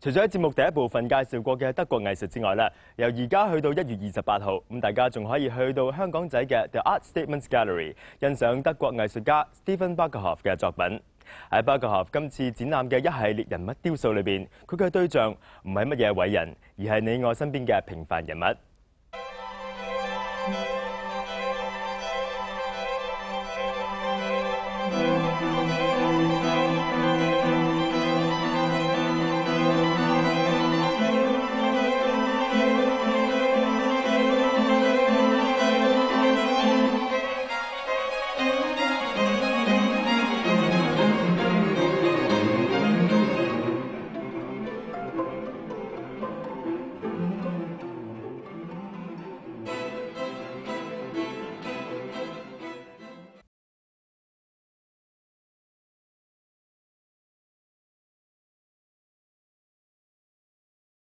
除咗喺節目第一部分介紹過嘅德國藝術之外，由而家去到一月二十八號，咁大家仲可以去到香港仔嘅 The Art Statements Gallery 欣賞德國藝術家 Stephan Balkenhol 嘅作品。喺 Balkenhol 今次展覽嘅一系列人物雕塑裏面，佢嘅對象唔係乜嘢偉人，而係你我身邊嘅平凡人物。